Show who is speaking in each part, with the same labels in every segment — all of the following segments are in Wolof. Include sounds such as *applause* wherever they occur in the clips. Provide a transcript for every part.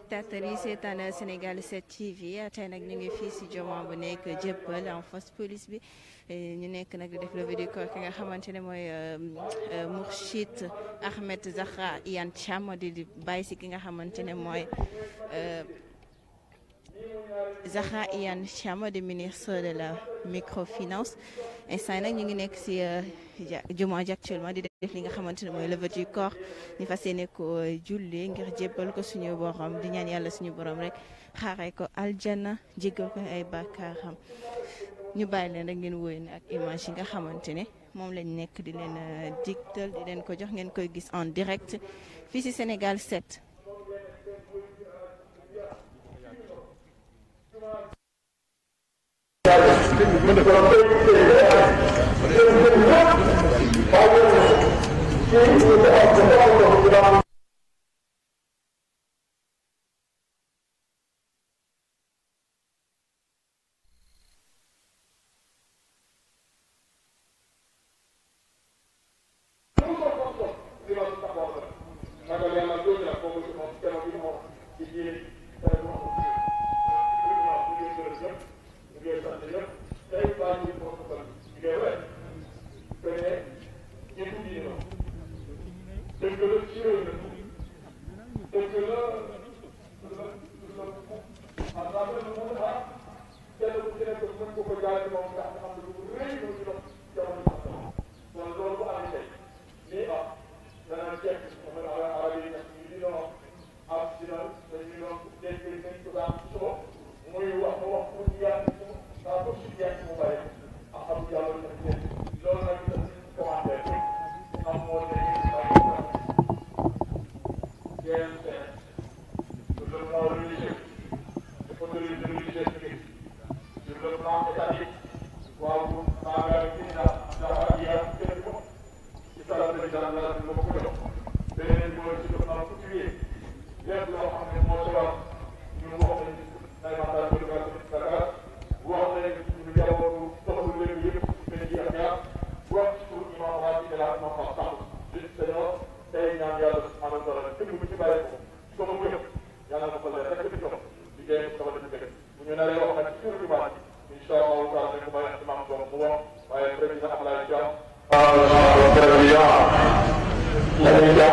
Speaker 1: téléspectateurs yi seetaan Sénégal 7 TV tey nag ñu ngi fii si jumaa bu nekk jëppal en force police bi ñu nekk nag di def levée du corps ki nga xamante ne mooy euh, euh, Mourchid Ahmed Zahra Iyane Thiam di di bàyyi ki nga xamante ne mooy. Euh, Zahra Iyane Thiam di ministre de la microfinance instant nag ñu ngi nekk ci euh, jumaa ji actuellement di def li nga xamante ne mooy levée du corps ñu fas yéene ko euh, julli ngir jébbal ko suñu borom di ñaan yàlla suñu borom rek xaaree ko aljana jéggal ko ay bàkkaaram ñu bàyyi leen rek ngeen wóoy ne ak image yi nga xamante ne moom leen nekk di leen euh, digtal di leen ko jox ngeen koy gis en direct fii si Sénégal set
Speaker 2: mu
Speaker 3: Dia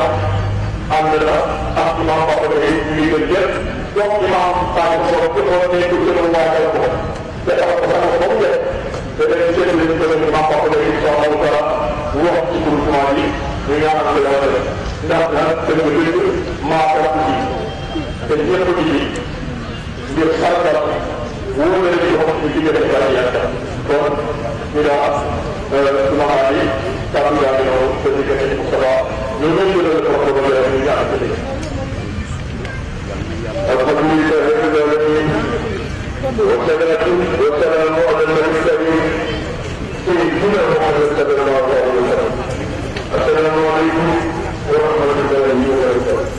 Speaker 3: ànd na ak imam Papa Gueye ñu ngi leen jël donc imam Paa Sow ci xool ne du gën a waajal ko te dafa ko sax ba mu jël te dañuy jël li ñu gën a imam Papa Gueye soo xam dara wax ci groupement yi ñu ñaanal la yàlla ndax nag dëgg dëgg maa ko wax ji te ñëpp di ji ngir sargal wóor na li xam ne jigéen dafa yàlla yàlla kon ñu daa am sumaxaat yi kàddu yaa ngi noonu te ñu gën a ñu ngi leen di ko ko leen di jàppale. ak ko muy def ci loolu nii. وكذلك وسلام على المرسلين سيدنا محمد صلى الله عليه وسلم السلام عليكم ورحمه الله وبركاته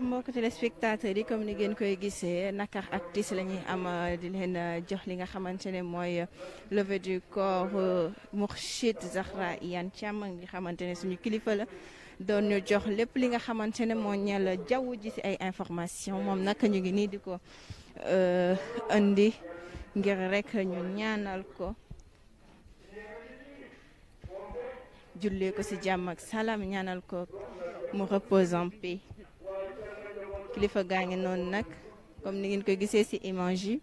Speaker 1: mbokk téléspectateurs yi comme ni ngeen koy gisee nakar ak tiis la am di leen euh, jox li nga xamante ne mooy euh, levée du corps euh, Mourchid Zahra yan Thiam nga xamante ne suñu kilifa la doon ñu jox lépp li nga xamante ne moo ñal jaww ji si ay information moom nag ñu ngi nii di ko indi ngir rek ñu ñaanal ko jullee ko ci jàmm salaam ñaanal ko mu repose en paix kilifa gaa ngi noonu nag comme ni ngeen ko gisee ci image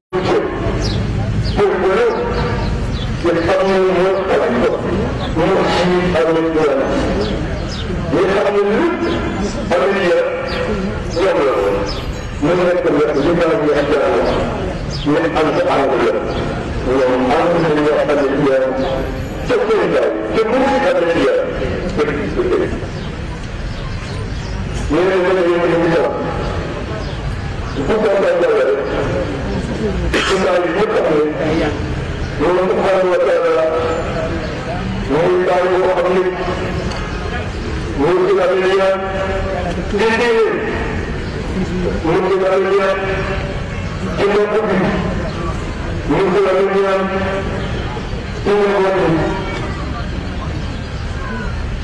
Speaker 3: am nañu yoon ñi nga xam ne lépp am nañu yoon ñoom la ñu nekk nag li nga xam ne ak yoon la ñu am sa ànd yoon ñoom am nañu yoo xam ne yoon te koy daw te bu ñu xam ne yoon te du ko dégg ñu ne ñu ne ñu ne ñu bu ko defee yàlla rek ci mbaa yi ñëpp xam ne loolu dafa war a loolu daal di ko xam nit loolu ci daal di ñaan déedéet loolu ci daal di ñaan ci mbokk bi loolu ci daal di ñaan ci mbokk bi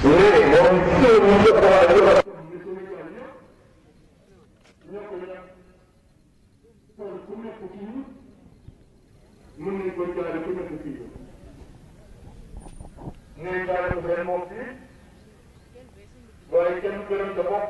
Speaker 3: mais moom tey bu njëkk a waay dafa mën nañu ko jaaree ku nekk fii nuyu daal di leen moom fii waaye kenn gërëm sa bopp.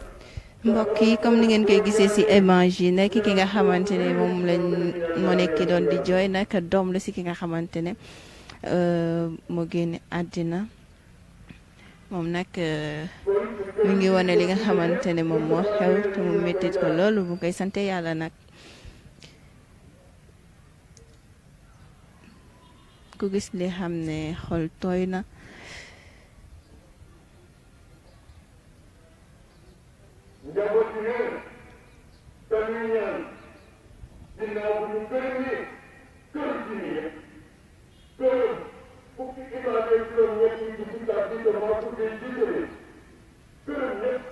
Speaker 3: mbokk
Speaker 1: yi comme ni ngeen koy gisee si image yi nekk ki nga xamante ne moom lañ moo nekk ki doon di jooy nag doom la si ki nga xamante ne euh, moo génne àddina moom nag euh, mu ngi wane li nga xamante ne moom moo xew te mu mettit ko loolu bu koy sante yàlla nag ku gis li xam ne xol tooy na
Speaker 3: njaboot yi wér te ñuy ñaan ginnaaw bu ñu gërëmee kër gi nii yëpp kër fukki imaam yi juróom ñett yi di jiitaat di ko maa tuddee jiite kër ñëpp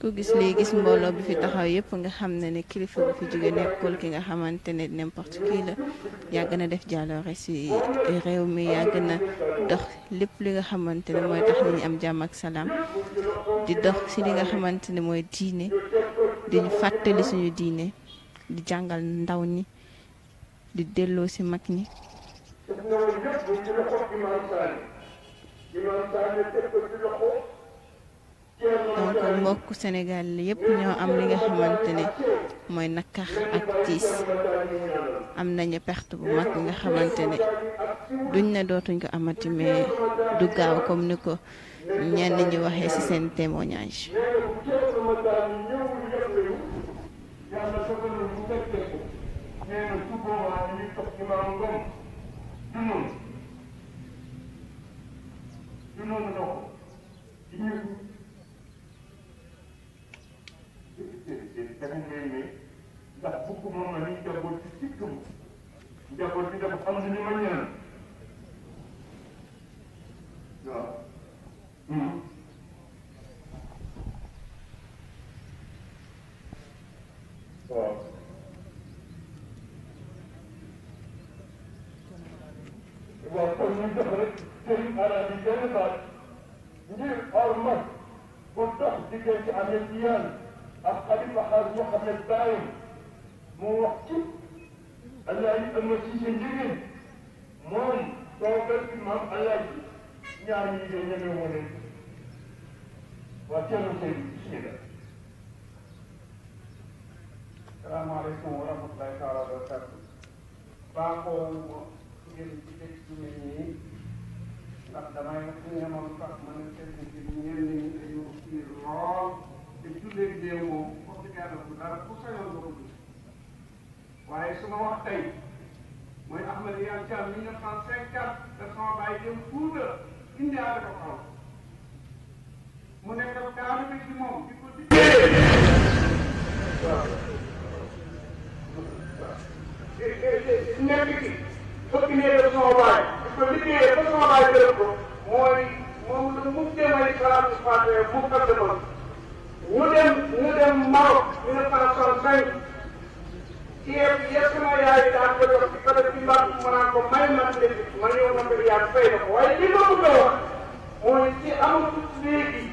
Speaker 1: ku gis lii gis mbooloo bi fi taxaw yépp nga xam ne ne kilifa bu fi jóge nekkul ki nga xamante ne n'importe kii la yàgg na def jàlloore si réew mi yàgg na dox lépp li nga xamante ne mooy am jàmm ak di dox si li nga xamante ne mooy diine di fàttali suñu diine di jàngal ndaw ñi di delloo si mag ñi.
Speaker 3: donc mbokk
Speaker 1: Sénégal yëpp ñoo am li nga xamante ne mooy nakkax ak tiis am nañu perte bu mag bi nga xamante ni duñ ne dootuñ ko amati mais du gaaw comme ni ko ñenn ñi waxee ci seen témoignage.
Speaker 3: moom la ñuy njaboot ci surtout njaboot bi dafa am lu ñu mën may ceeb ya sama yaay daa ko jox dara ci mbaatu ma naan ko may man de ma ñëw ma mbir yaa fay na ko waaye li ma bëgg a wax mooy ci amatu léegi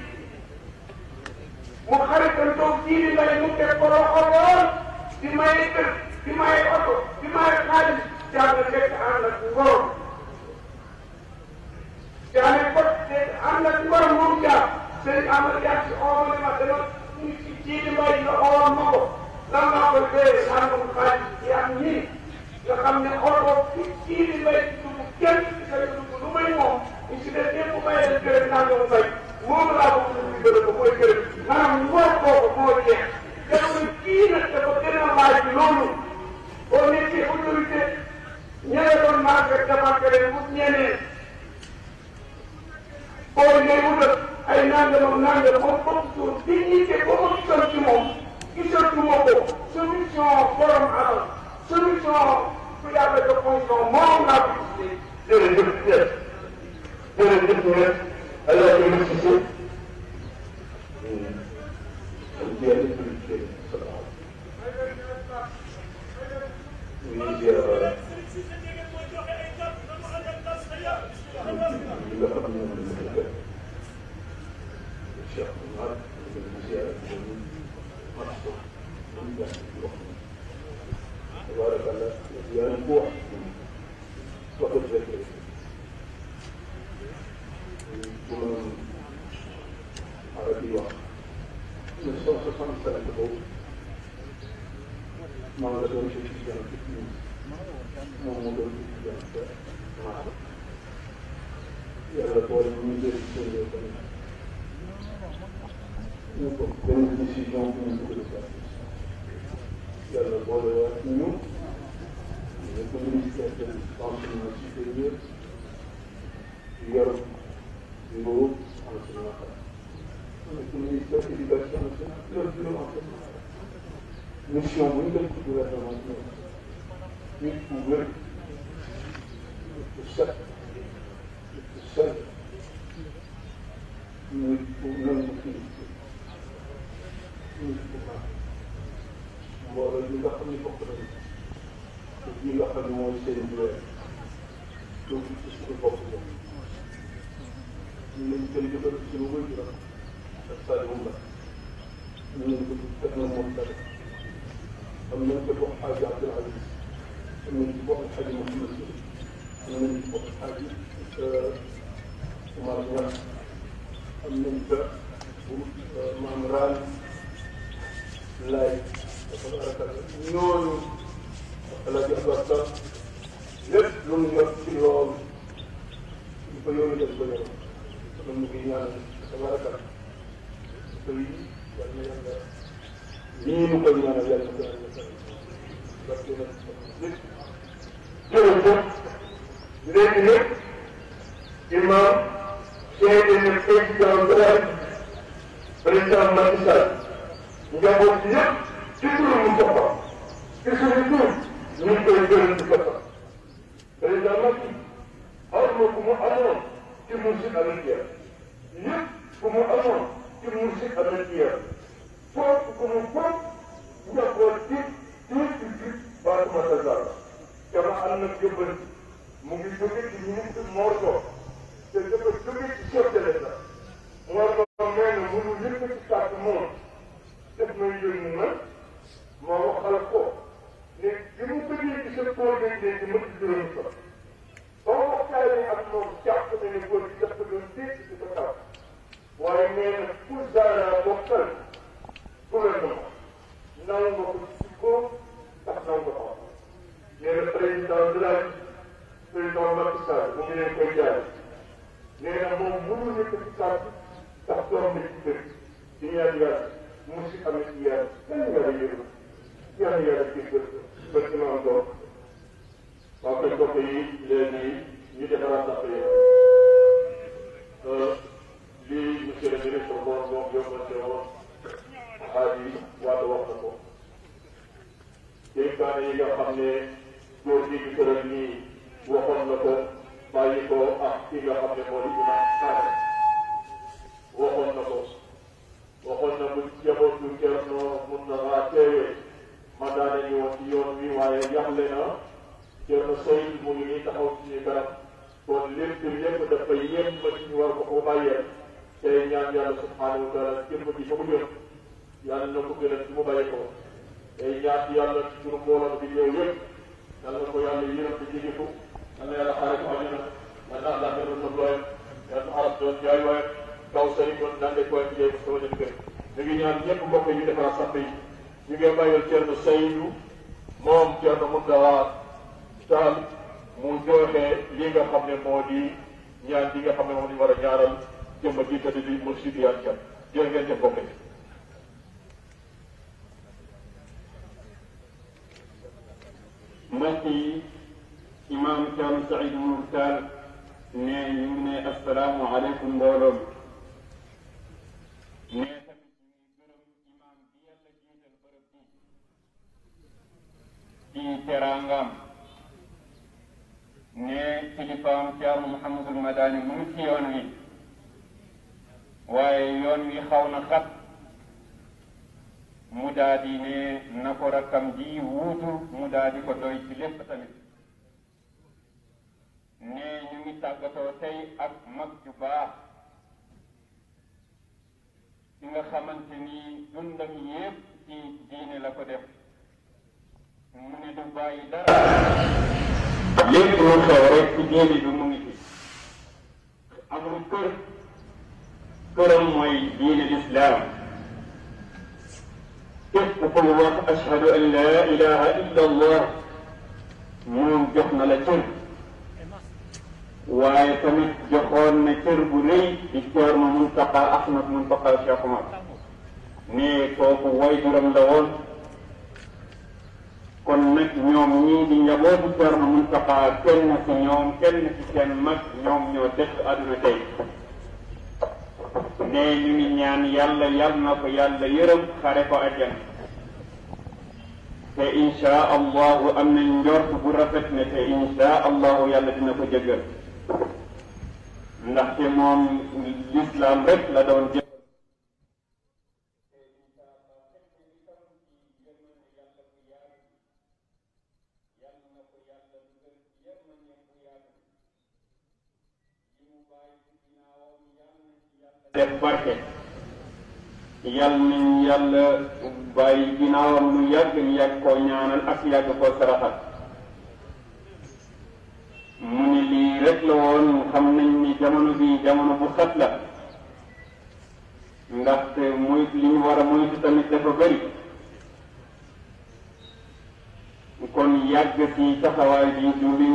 Speaker 3: mu xaritam toog jii di may mu teg ko loxo lool di may kër di may oto di may xaalis jàng nekk ànd ak ngor jàng ko ànd ak ngor moom jaar sëriñ Amady Diagne si xaw ma ne ma dama ci jii di may nga xawoon ma ko. lan maa koy béyee Saalum Faye ci am ñii nga xam ne oto fii fii di mbéy dugg kenn ci sa dugg lu may moom ñu ci des ñëpp bàyyi leen gërëm naa doon béy moom laa ko mën a gërëm mooy gërëm maanaam ngóor kooku moo jeex. gërëm kii nag dafa gën a laaj loolu boo nekkee autorité ñële doon màgg ak démarqué leen wut ñeneen boo ngay wutal ay nangamam nangam moom foofu suuf dignité boo ko gisal ci moom. gisatu ma ko solution borom alal solution ku yàlla jox fonction moom laa ko gisee. jërëjëf Thiès jërëjëf Thiès allah ci lu ci si. Thank you. تبارك الله يعني بوح وقت ذكر الإمام عربي واحد من صلاة صلاة سنة الأول ما ولد ولا شيء في جانب الدين ما ولد في جانب ما يعرف ولا من ذي الدنيا يقول بين الديسيجن ne mooy seen lii mu koy ñaanal yàlla na jërëjëf léegi nag imam seede ne président Braille président Macky Sall njaboot yëpp ci suñu boppam ci suñu tur ñu ngi koy gërëm ci boppam président Macky xaw ma ku mu amoon ci monsieur Alioune yëpp ku mu amoon ci musiba la jeex foofu ko mu foofu njaboot ci ci ci ci baatuma sa dara dama mu ngi jóge ci ministre Mor Sow te dafa jóge ci chef de l'État Mor Sow nee na mënu lépp ci sàkk moom def na ma waxal ko ne bi mu bëggee ci sa tool day dee ci mëtt juróomi sax boo waxtaanee ak moom jàpp na ne góor gi def ko doon dégg waaye nee na ku Zahra bokkal ku la ñu naaw nga ko jikko ndax naaw nga ko nee na président de la président Macky Sall mu ngi leen koy jaay nee na moom mënul yëkkati sàcc ndax doom na ci kër di ñaan yàlla mu si amee ci yàlla kenn yàlla yërëm yàlla yàlla jéggal ba ci maam doom waaw kay mbokk yi léegi ñu defaraat sax yàlla lii monsieur le ministre moom moom yóbbante woon xaaji wàllu wax na ko dénkaane yi nga xam ne góor gi ñu tëral nii waxoon na ko bàyyi ko ak ki nga xam ne moo di imaam Saare waxoon na ko waxoon na bu njabootu Thierno mun na maa teewee ma daane ñu woon ci yoon wi waaye yaxle na Thierno Seydou mu ngi nii taxaw ci ñu garab kon lépp lépp dafay yem ba ci ñu war ko ko bàyyee tey ñaan yàlla subhaanahu wa taala jëmm bi fa mu jëm yàlla na ko gënal ci mu bàyyi ko tey ñaan yàlla ci sunu mbooloo bi ñëw yëpp yàlla na ko yàlla yërëm te jege ko yàlla na yàlla xaare ko àjjana man naa laa gënal sa doyen yàlla na arab doon jaay waaye kaw sëriñ doon dande ko ak jéem sama dem kër ñu ngi ñaan ñëpp mbokk yi defaraat sàpp yi ñu ngi bàyyal Thierno Seydou moom Thierno Moundawa Tall mu joxe li nga xam ne moo di ñaan li nga xam ne moom la ñu war a ñaaral jëmba ji tëdd di mu si diwaan jam jërë ngeen jëf bokk yi mbokk yi imaam Thiam Saïd Nour Tall ne ñu ngi ne asalaamualeykum mbooloo mi ci teraangaam ne kilifaam Thiam Mouhamadul Madani mu ngi ci yoon wi waaye yoon wi xaw na xat mu daa di ne na ko rakkam ji wuutu mu daa ko doy ci lépp tamit ne ñu ngi tàggatoo tey ak mag ju baax ci nga xamante ni dundam yépp ci diine la ko def mu ne du bàyyi dara lépp lu xew ci diine bi mu ngi ci amul kër turam mooy diine lislaam képp kuy wax ashhadu an laa ilaha illa allah moom jox na la cër
Speaker 4: waaye tamit joxoon na cër bu rëy di joor ma Muntaqa Ahmad Muntaqa Cheikh Omar ne kooku waajuram la woon
Speaker 3: kon nag ñoom ñii di njabootu joor ma Muntaqa
Speaker 5: kenn ci ñoom kenn ci seen mag ñoom ñoo dëkk àdduna tey ne ñu ngi ñaan yàlla yal na ko yàlla yërëm xare ko ajjana
Speaker 4: te insha allahu am njort bu rafet ne te insha allahu yàlla dina ko jëggal ndaxte moom lislaam rek la doon jë
Speaker 3: def barke yal nañ yàlla bàyyi ginnaawam lu yàgg yàgg koo ñaanal ak koo saraxal mu ni lii rek la woon xam nañ ni bi jamono bu xat la muy li ñu war tamit dafa bëri kon yàgg ci taxawaay bi du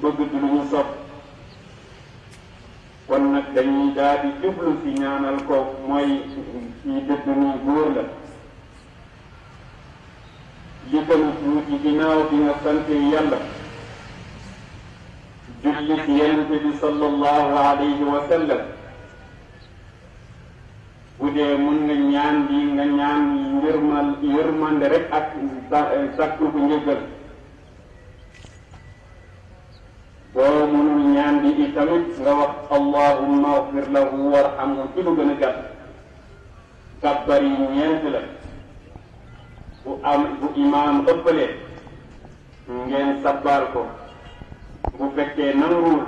Speaker 3: bëgg du lu dañuy daal jublu si ñaanal ko mooy kii dëdd nii góor la li gën a tuuti ginnaaw bi nga sante yàlla julli ci yonent bi sallallahu alayhi wa sallam bu dee mun nga ñaan bi nga ñaan yërmal yërmande rek ak sàkku ko njëgal boo mënul ñaan bi itamit nga wax allahumma agfir lahu warhamhu ci lu gën a gàtt kàbbar yi ñeent la bu imaam ëppalee ngeen sabbaal ko bu fekkee nanguwul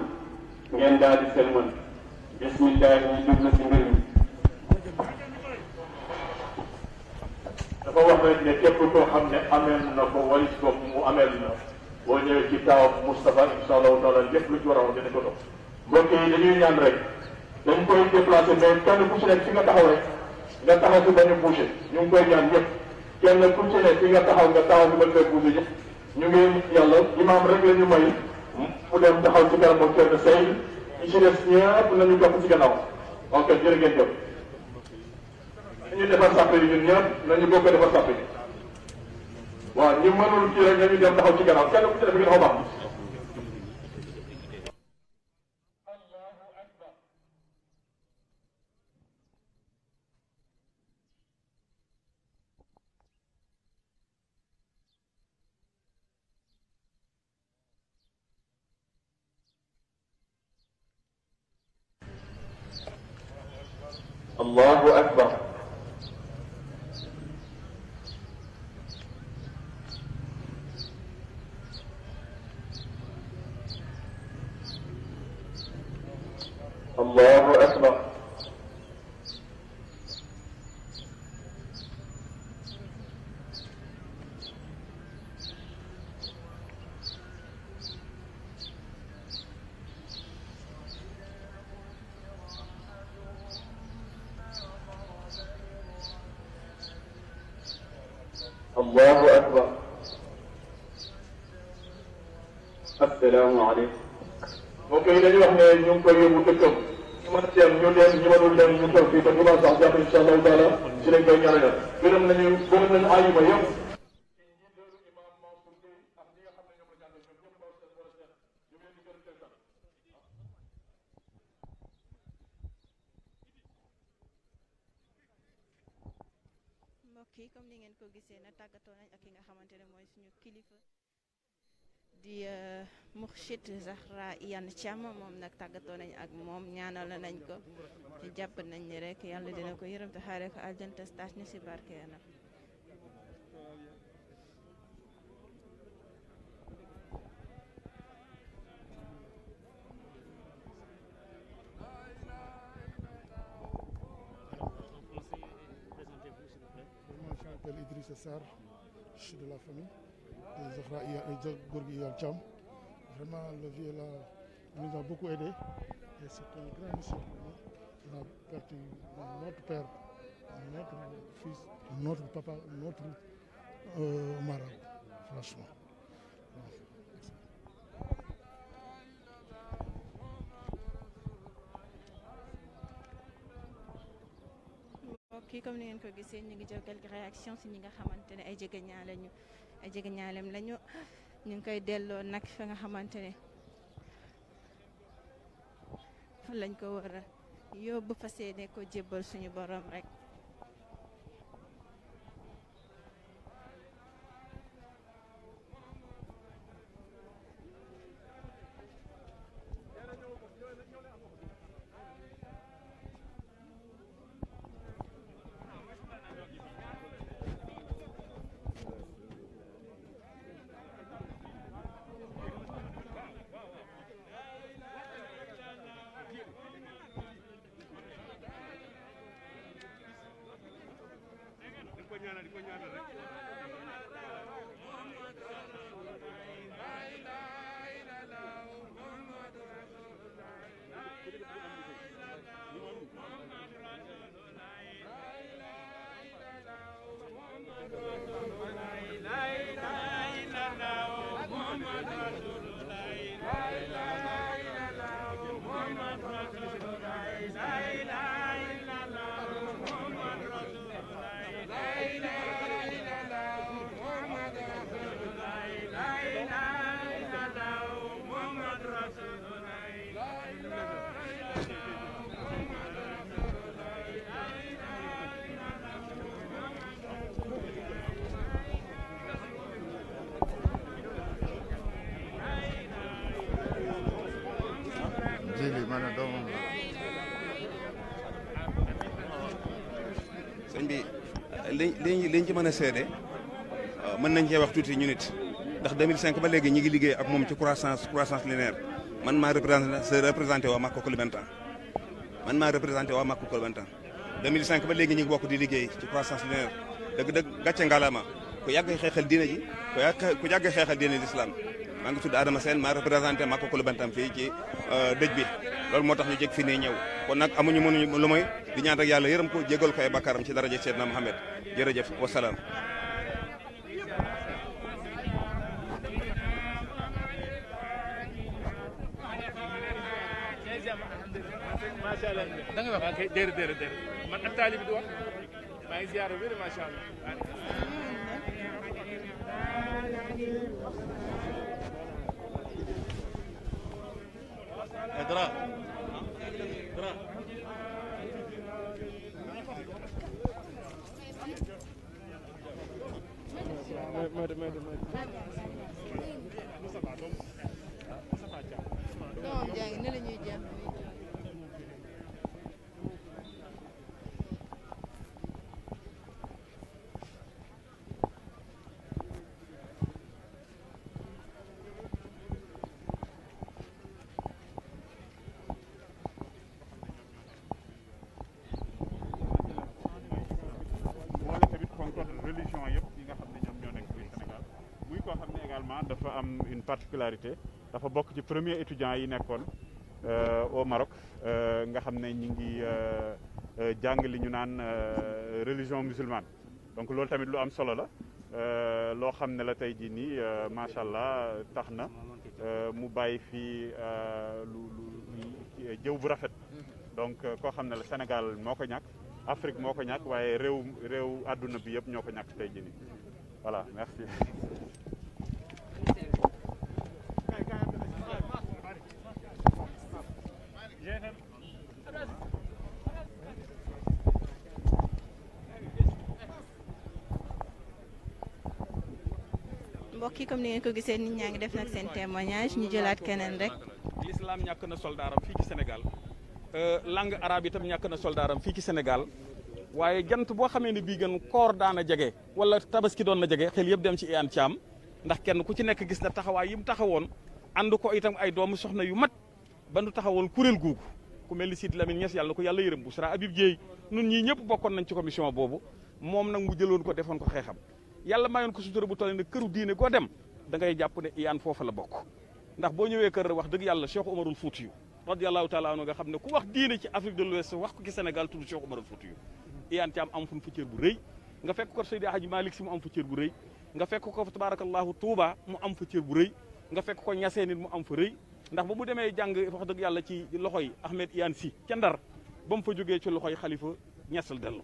Speaker 3: ngeen daal di sëlmal bismillah ñu jublu si mbir mi dafa wax rek ne
Speaker 6: képp koo xam na ko walis ko mu ameel na boo ñëwee ci taawam Moustapha
Speaker 3: incha allahu taala lépp lu ci war a wax dina ko dox mbokk yi dañuy ñaan rek dañ koy déplacé mais kenn ku ci nekk fi nga taxaw rek nga taxaw si bañ a bouger ñu ngi koy ñaan ñëpp kenn ku ci nekk fi nga taxaw nga taxaw si bañ koy bouger ñëpp ñu ngi yàlla imaam rek la ñu may mu dem taxaw ci kanam ak kenn say ñi ci des ñëpp nañu topp ci gannaaw ok jërë ngeen jëf ñu defar sàpp yi ñun ñëpp nañu bokk defar sàpp yi waaw ñu mënul kii rek nañu dem taxaw ci gannaaw kenn ku ci def nga xaw baax Allahu akbar
Speaker 1: Zahra Iyane Thiam moom nag tàggatoo nañ ak moom ñaanal nañ ko ci jàpp nañ ni rek yàlla dina ko yërëm te xaare ko aljante stage ni si barkeena
Speaker 3: Je Vraiment, le vieux là, nous a beaucoup aidé et c'est un grand notre père, notre fils, notre papa, notre euh, marabout, franchement.
Speaker 1: comme ni ngeen ko gisee ñu ngi jël quelques réactions si ñi nga xamante ne ay jegeñaale ñu ay jegeñaaleem lañu ñu ngi koy delloo nag fi nga xamante ne lañ ko war yóbbu fas yéene ko jébbal suñu borom rek.
Speaker 7: li li liñ ci mën a seede mën nañ cee wax tuuti ñu nit ndax 2005 ba léegi ñi ngi liggéey ak moom ci croissance croissance linéaire man maa représenté se représenté waa Makka Koulibantang man maa représenté waa Makka Koulibantang 2005 ba léegi ñu ngi bokk di liggéey ci croissance linéaire dëgg dëgg gàcce ngalaama ku yàgg xeexal diina ji ku yàgg ku yàgg xeexal diina l'islam maa ngi tudd Adama Sène maa représenté Makka Koulibantang fii ci euh, dëj bi loolu moo tax ñu jég fi nii ñëw kon nag amuñu mënuñu lu moy di ñaan rek yàlla yërëm ko jégal ko jërëjëf wasalaam.
Speaker 5: macha allah da nga wax ok déedéet déedéet déedéet man ak taalib di wax maa ngi ziar wér macha allah. Eh, dara dara. doom
Speaker 2: jaa ngi ne la ñuy jàpp
Speaker 4: particularité dafa bokk ci premier étudiant yi nekkoon euh, au Maroc euh, nga xam ne ñi ngi euh, jàng li ñu naan religion musulmane donc loolu tamit lu am solo la loo xam ne la tey jii nii macha allah tax na mu bàyyi fii lu lu jëw bu rafet donc koo xam ne la Sénégal moo ko ñàkk Afrique moo ko ñàkk waaye réew réew àdduna bi yëpp ñoo ko ñàkk tey jii nii voilà merci *laughs*
Speaker 1: mbokk ni ngeen ko gisee nit ñaa ngi def nag seen témoignage ñu jëlaat keneen rek.
Speaker 5: l'islam ñàkk na soldaaram fii ci Sénégal euh, langue arabe itam ñàkk na soldaaram fii ci senegal waaye jant boo xamee ne bii gën koor daan a jege wala tabaski doon na jege xel yëpp dem ci Iyane Thiam ndax kenn ku ci nekk gis na taxawaay yi mu taxawoon ànd ko itam ay doomu soxna yu mat ba nu taxawal kuréel googu ku mel ni Sidi Lamine Niass yàlla ko yàlla yërëm bu sara Habib Dieye nun ñii ñëpp bokkoon nañ ci commission boobu moom nag mu ko defoon ko xeexam yàlla mayoon ko sutura bu toll ne këru diine goo dem da ngay jàpp ne iyaan foofa la bokk ndax boo ñëwee kër wax dëgg yàlla Cheikh Omarul Fuutiyu radiyallahu taala anhu nga xam ne ku wax diine ci Afrique de l'Ouest wax ko ci Sénégal tudd Cheikh Omarul Fuutiyu iyaan ci am am fu cër bu rëy nga fekk ko Seydi Hadji Malick mu am fa cër bu rëy nga fekk ko tabarakallahu Touba mu am fa cër bu rëy nga fekk ko ñasee nit mu am fa rëy ndax ba mu demee jàng wax dëgg yàlla ci loxoy Ahmed Iyane si ca Ndar ba mu fa jógee ci loxoy xalifa ñesal dellu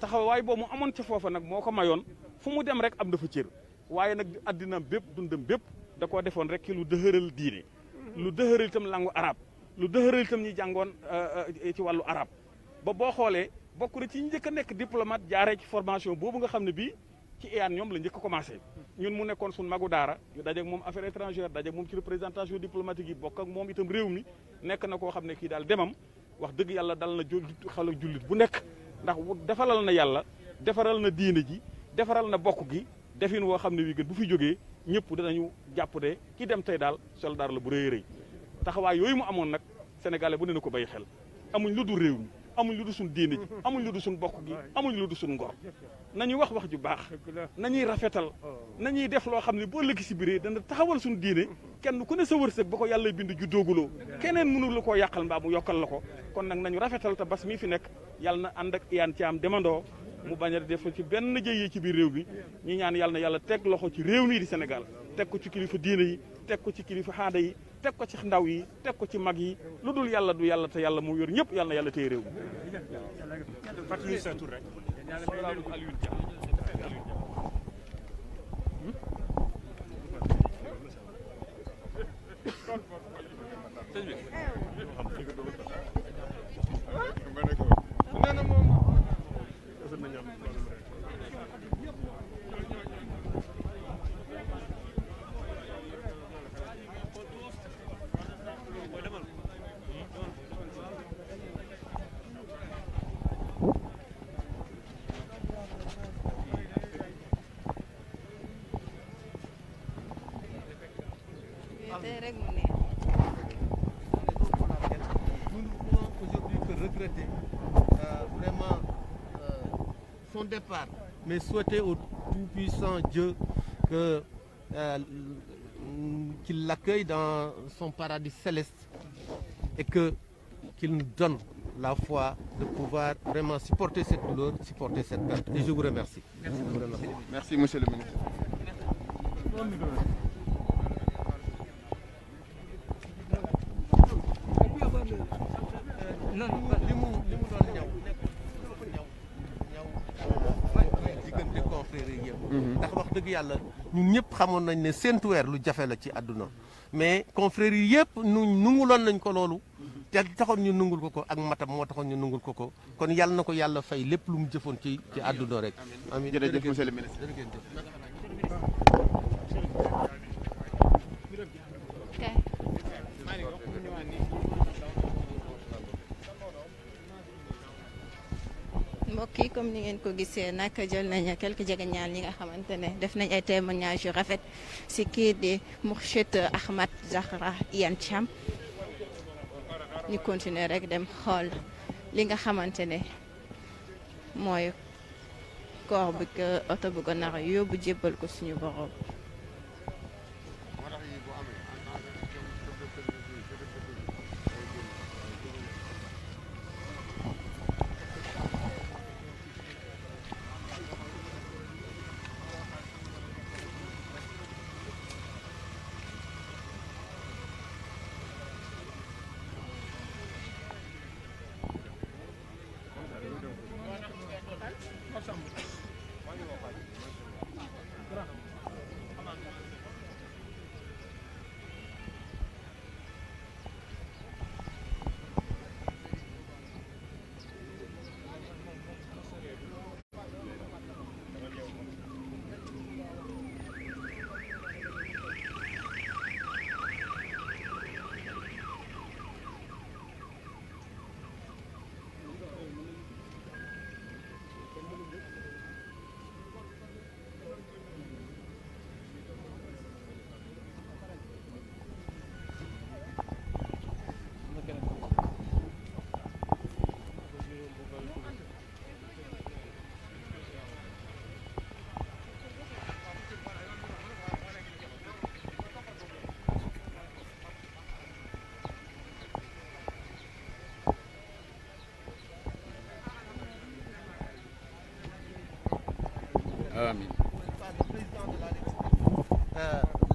Speaker 5: taxawaay boobu mu amoon ca foofa nag moo ko mayoon fu mu dem rek am na fa cër waaye nag addinaam bépp dundam bépp da koo defoon rek ki lu dëhëral diine lu dëhëral itam langu arab lu dëhëral tam ñi jàngoon euh, euh, ci wàllu arab ba boo xoolee bokk na ci njëkk a nekk diplomate jaaree ci formation boobu nga xam ne bii ci IAN e ñoom la njëkk a commencé ñun mu nekkoon suñ magu daara ñu dajeek moom affaire étrangère dajeek moom ci représentation diplomatique yi bokk ak moom itam réew mi nekk na koo xam ne kii daal demam wax dëgg yàlla dal na xala jullit bu nekk ndax defalal na yàlla defaral na diine ji defaral na bokk gi defin woo xam ne wii gën bu fi jógee ñëpp danañu jàpp de ki dem tey daal soldaar la bu rëy rëy taxawaay yooyu mu amoon nag sénégalais bu ne na ko bàyyi xel amuñ lu du réew mi amuñ lu du suñ diine ji lu du suñ bokk gi amuñ lu du suñ ngor nañuy wax wax ju baax nañuy rafetal nañuy def loo xam ne boo lëkki si biir dana taxawal suñ diine kenn ku ne sa wërsëg ba ko yàlla bind ju dooguloo keneen mënu la koo yàqal mbaam mu yokkal la ko kon nag nañu rafetal te bas mii fi nekk yàlla na ànd ak iyaan ci am demandoo mu bañ a def ci benn jëyee ci biir réew mi ñu ñaan yàlla na yàlla teg loxo ci réew mii di senegal teg ko ci kilifa diine yi teg ko ci kilifa xaada yi teg ko ci ndaw yi teg ko ci mag yi lu dul yàlla du yàlla te yàlla mu yor ñëpp yàlla yàlla téye réew mi Thank you.
Speaker 8: départ, mais souhaiter au Tout-Puissant Dieu que euh, qu'il l'accueille dans son paradis céleste et que qu'il donne la foi de pouvoir vraiment supporter cette douleur, supporter Et je vous remercie. le
Speaker 7: ministre.
Speaker 8: Euh, rek wax dëgg yàlla ñun ñëpp xamoon nañ ne séntu weer lu jafe la ci àdduna mais confrères yi yëpp nu loon nañ ko loolu te taxoon ñu nungul ko ko ak matam moo taxoon ñu nungul ko ko kon yàlla na ko yàlla fay lépp lu mu jëfoon ci ci àdduna rek amiin jërëjëf monsieur le ministre jërëjëf
Speaker 1: mbokk yi comme ni ngeen ko gisee nag jël nañ quelques jegeñaal li nga xamante ne def nañ ay témoignages yu rafet si kii di Mourchid Ahmad Zahra Iyane Thiam ñu continuer rek dem xool li nga xamante ne mooy koor bi ko oto bu ko nar yóbbu jébbal ko suñu borom.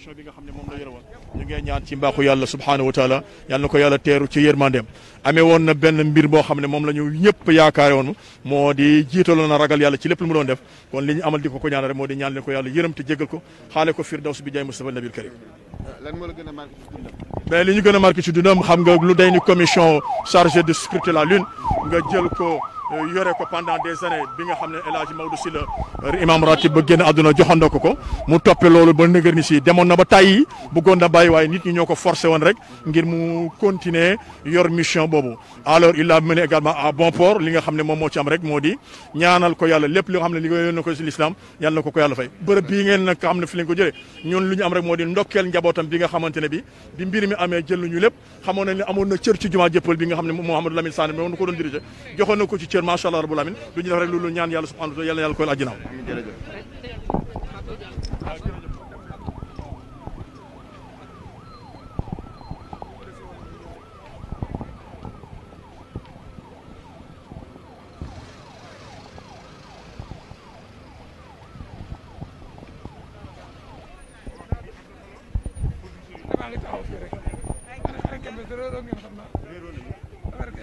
Speaker 6: mission bi nga xam ne moom la yore ñu ngi ñaan ci mbaaxu yàlla subhaanahu wa yàlla na ko yàlla teeru ci yërmandeem amee woon na benn mbir boo xam ne moom la ñu ñëpp yaakaare woon moo di jiitaloon na ragal yàlla ci lépp lu mu doon def kon li ñu amal di ko ko ñaan rek moo di ñaan leen ko yàlla yërëm te jégal ko xaale ko firdaws bi jaay Mustafa nabil karim lan a li ñu gën a marqué ci dundam xam nga lu day ni commission chargée de scruter la lune nga jël ko Euh, yore ko pendant des années bi nga xam ne El Hadj Maodo Sylla euh, imam ratib ba génn àdduna joxandoo ko mu toppe loolu ba nëgër ni si demoon na ba tàyyi bëggoon na bàyyi waaye nit ñi ñoo ko forcé woon rek ngir mu continuer yor mission boobu alors il a également à bon port li nga xam ne moom moo am rek moo di ñaanal ko yàlla lépp li nga xam ne li nga na ko si xam ne fi lañ ñun lu am rek moo di ndokkeel njabootam bi nga xamante bi bi mbir amee jël ñu kër macha allah rabbul alamin du ñu def rek loolu ñaan yàlla subhanahu wa taala yàlla yàlla koy
Speaker 2: àjjanaam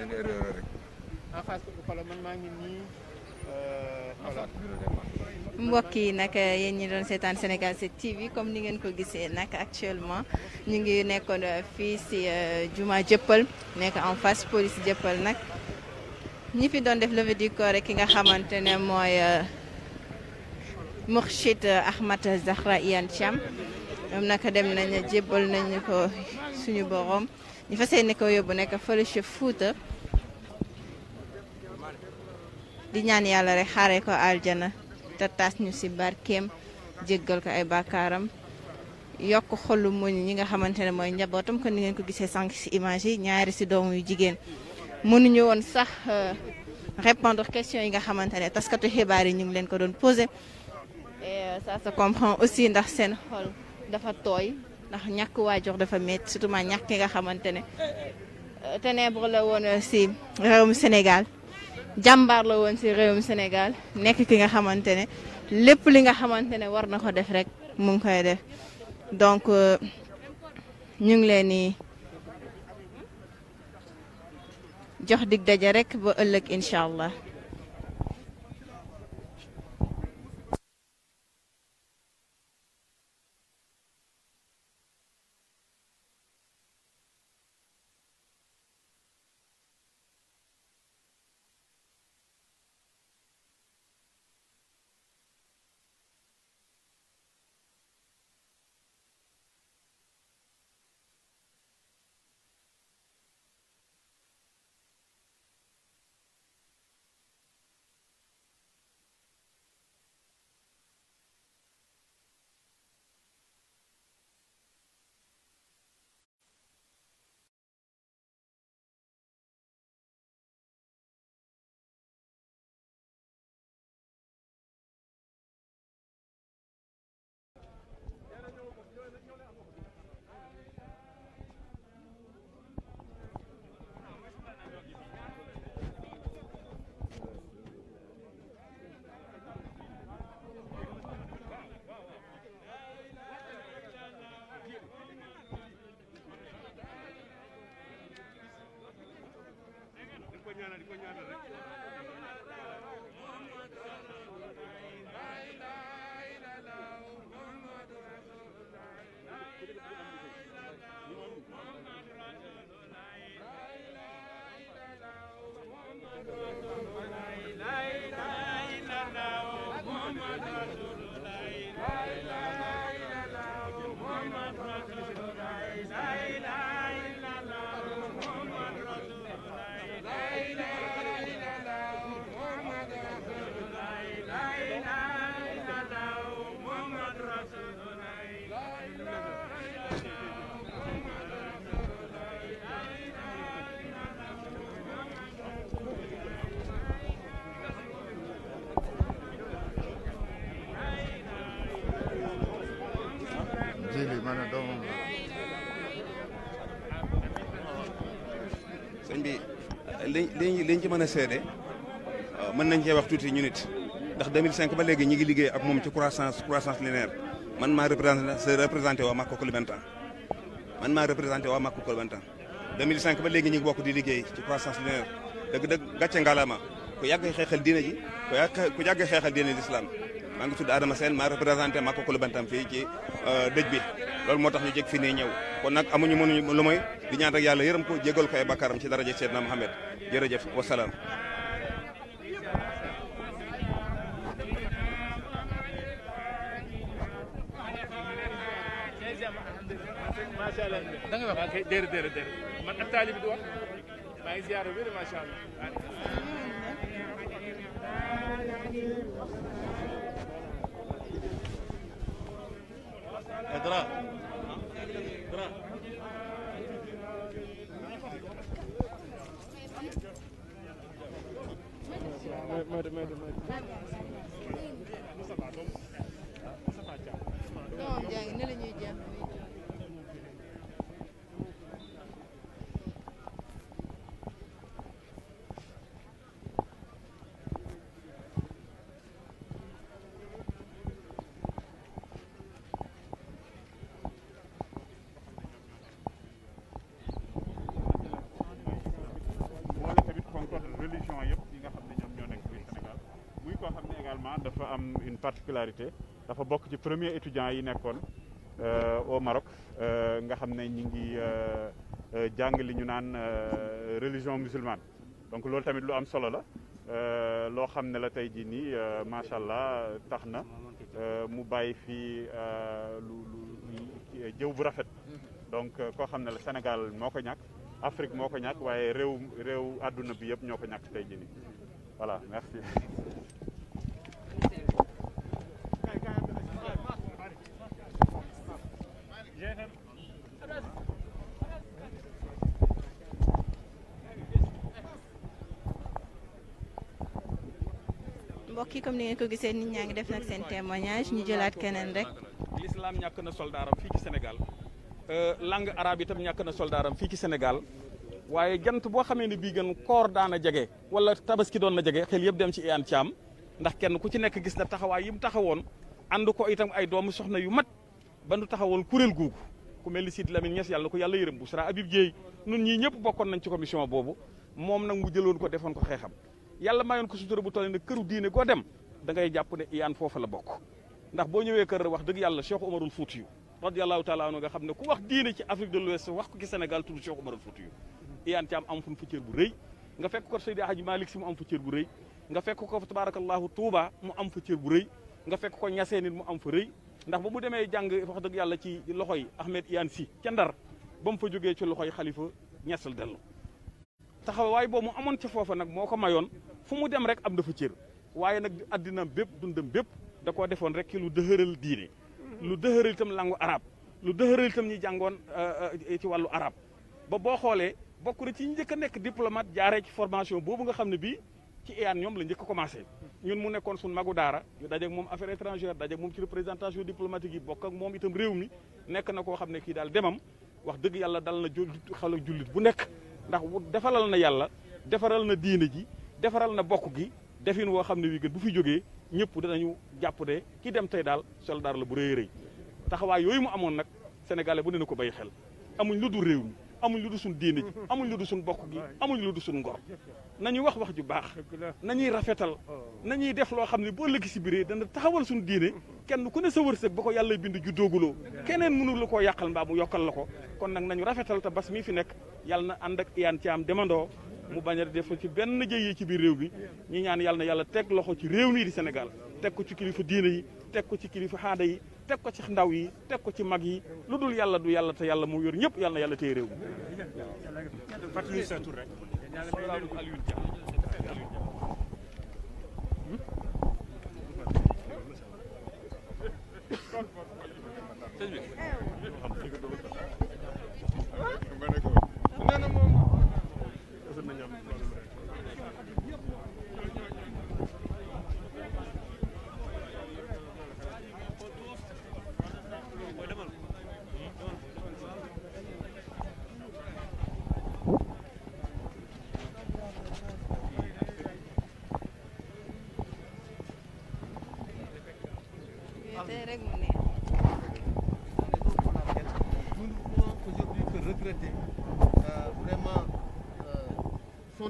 Speaker 8: Thank you. Euh, mbokk
Speaker 1: yi nag yéen ñi doon seetaan Sénégal 7 TV comme ni ngeen ko gisee nag actuellement ñu ngi nekkoon euh, fii si euh, jumaa Jëppal nekk en face police Jëppal nag ñi fi doon def levée du corps ki nga xamante ne mooy Mourchid Ahmad Zahra Iyane Thiam ñoom nag dem nañ jébbal nañu ko suñu borom ñu fas yéene ko yóbbu nekk fële ca di ñaan yàlla rek xaaree ko aljana te taas ñu si barkeem jéggal ko ay bakaaram yokk xolu muñ ñi nga xamante ne mooy njabootam kon ni ngeen ko gisee sànq si image yi ñaari si doom yu jigéen mënuñu woon sax euh, répondre question yi nga xamante ne taskatu xibaar yi ñu ngi leen ko doon posé et euh, ça se comprend aussi ndax seen xol dafa tooy ndax ñàkk waajur dafa métti surtout ma ñàkk nga xamante ne euh, la woon si réewum Sénégal jàmbaar la woon si réewum Sénégal nekk ki nga xamante ne lépp li nga xamante ne war na ko def rek mu ngi koy def donc euh, ñu ngi leen di jox dig daje rek ba ëllëg incha allah.
Speaker 7: liñ liñ ci mën a seede euh, mën nañ cee wax tuuti ñu nit ndax 2005 ba léegi ñi ngi liggéey ak moom ci croissance croissance linéaire man maa représenté représenté waa Makka Koulibantang man maa représenté waa Makka Koulibantang 2005 ba léegi ñu ngi bokk di liggéey ci croissance linéaire dëgg-dëgg gàcce ngalaama ku yàgg xeexal diine ku yàgg ku yàgg xeexal diine l'islam maa ngi tudd Adama Sène maa représenté Makka Koulibantang fii ci euh, dëj bi loolu moo tax ñu jeg fi nii ñëw kon nag amuñu mënuñu jërëjëf wasalaam.
Speaker 5: macha allah da nga wax kay déedéet déedéet déedéet man ak taalibi du wax
Speaker 7: maa ngi ziyaara wér macha allah.
Speaker 3: Aïdara Hadi, hadi,
Speaker 5: hadi.
Speaker 4: dafa am une particularité dafa bokk ci premier étudiant yi nekkoon euh, au Maroc euh, nga xam ne ñi ngi euh, jàng li ñu naan religion musulmane donc loolu tamit lu am solo la loo xam ne la tey jii nii macha allah tax na mu bàyyi fii lu lu jëw bu rafet donc koo xam ne la Sénégal moo ko ñàkk Afrique moo ko ñàkk waaye réew réew àdduna bi yëpp ñoo ko ñàkk tey jii nii voilà merci *laughs*
Speaker 1: comme ko gisee nit ñaa ngi def nag seen témoignage ñu jëlaat keneen rek.
Speaker 5: l'islam ñàkk na soldaaram fii ci senegal Sénégal euh, araab yi tam ñàkk na soldaaram fii ci senegal waaye jant boo xamee ne bii gën koor daana jege wala tabaski doon na jege xel yëpp dem ci Iyane Thiam ndax kenn ku ci nekk gis na taxawaay yi mu taxawoon ànd ko itam ay doomu soxna yu mat ba nu taxawoon kuréel googu ku mel ni Sidi Lamine Niass yàlla ko yàlla yërëm Bousra Habib Dieye nun ñii ñëpp bokkoon nañ ci commission boobu moom nag mu ko defoon ko xeexam yàlla mayoon ko sutura bu toll ne këru diine goo dem da ngay jàpp ne iyaan foofa la bokk ndax boo ñëwee kër wax dëgg yàlla Cheikh Omarul Fuutiyu radiyallahu taala anhu nga xam ne ku wax diine ci Afrique de l'Ouest wax ko ci Sénégal tudd Cheikh Omarul Fuutiyu iyaan ci am am fu cër bu rëy nga fekk ko Seydi Hadji Malick si mu am fu cër bu rëy nga fekk ko tabarakallahu Touba mu am fa cër bu rëy nga fekk ko ñasee nit mu am fa rëy ndax ba mu demee jàng wax dëgg yàlla ci loxoy Ahmed Iyane si ca Ndar ba mu fa jógee ci loxoy xalifa ñesal dellu taxawaay boobu mu amoon ca foofa nag moo ko mayoon fu mu dem rek am dafa cër waaye nag addinaam bépp dundam bépp da koo defoon rek ci lu dëhëral diine lu dëhëral itam langu arab lu dëhëral tam ñi jàngoon euh, euh, ci wàllu arab ba boo xoolee bokk na ci njëkk a nekk diplomate jaaree ci formation boobu nga xam ne bii ci IAN e ñoom la njëkk a commencé ñun mu nekkoon suñ magu daara ñu dajeeg moom affaire étrangère dajeeg moom ci représentation diplomatique yi bokk ak moom itam réew mi nekk na koo xam ne kii daal demam wax dëgg yàlla dal na jullit xala jullit bu nekk ndax defalal na yàlla defaral na diine ji defaral na bokk gi defin woo xam ne wi gën bu fi jógee ñëpp danañu jàpp de ki dem tey daal soldaar la bu rëy rëy taxawaay yooyu mu amoon nag sénégalais bu ne na ko bàyyi xel amuñ lu dul réew mi amuñ lu du suñ diine ji amuñ lu du suñ bokk gi amuñ lu dul suñ ngor nañuy wax wax ju baax nañuy rafetal nañuy def loo xam ne boo lëkki si biir dana taxawal suñ diine kenn ku ne sa wërsëg ba ko yàlla bind ju dooguloo keneen mënu la koo yàqal mbaa mu yokkal la ko kon nag nañu rafetal te bas mii fi nekk yàlla na ànd ak iyaan ci am demandoo mu bañ a def ci benn jëyee ci biir réew mi ñi ñaan yàlla na yàlla teg loxo ci réew mii di senegal teg ko ci kilifa diine yi teg ko ci kilifa xaada yi teg ko ci ndaw yi teg ko ci mag yi lu dul yàlla du yàlla te yàlla mu yor ñëpp yàlla yàlla téye réew mi Thank you.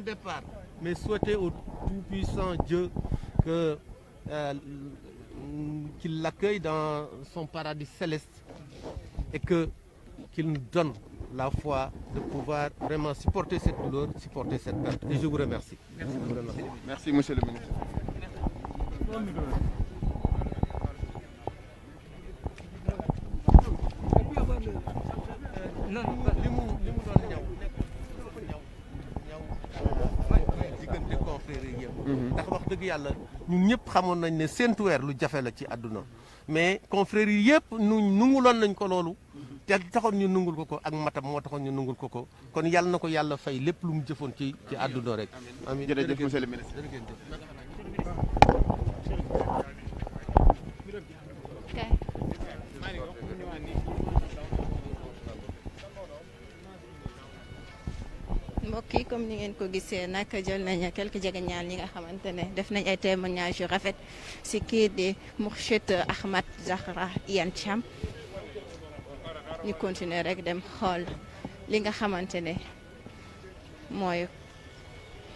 Speaker 8: départ, mais souhaiter au Tout-Puissant Dieu que euh, qu'il l'accueille dans son paradis céleste et que qu'il nous donne la foi de pouvoir vraiment supporter cette douleur, supporter Et je vous remercie.
Speaker 7: le ministre.
Speaker 8: ñun ñëpp xamoon nañ ne séntu weer lu jafe la ci àdduna mais confrères yi yëpp nu nunguloon nañ ko loolu te taxoon ñu nungul ko ko ak matam moo taxoon ñu nungul ko ko kon yàlla na ko yàlla fay lépp lu mu jëfoon ci ci àdduna rek amiin jërëjëf monsieur le ministre
Speaker 1: comme ni ngeen ko gisee nag jël nañu quelques ñaan yi nga xamante ne def nañ ay témoignages yu rafet si kii di Mourchid Ahmad Zahra Iyane Thiam ñu continuer rek dem xool li nga xamante ne mooy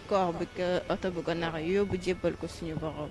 Speaker 1: corps bu ko oto bu ko nar yóbbu jébbal ko suñu borom.